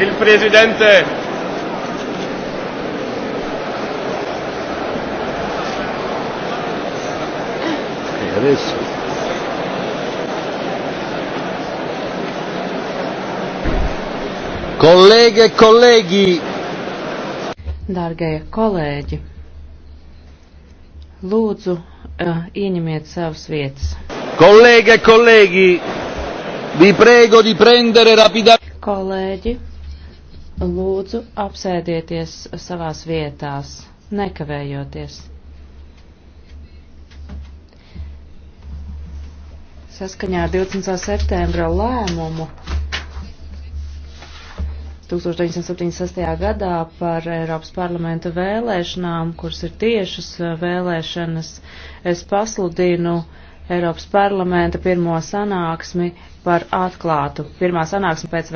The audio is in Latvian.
Il Presidente. E adesso? Colleghe e colleghi. Dargie kolēģi, lūdzu, uh, ieņemiet savas vietas. Colleghe e colleghi, vi prego di prendere rapidamente. Kolēģi, Lūdzu, apsēdieties savās vietās, nekavējoties. Saskaņā ar 20. septembra lēmumu 1976. gadā par Eiropas parlamenta vēlēšanām, kuras ir tiešas vēlēšanas, es pasludinu Eiropas parlamenta pirmo sanāksmi par atklātu. Pirmā sanāksme pēc vēlēšanām.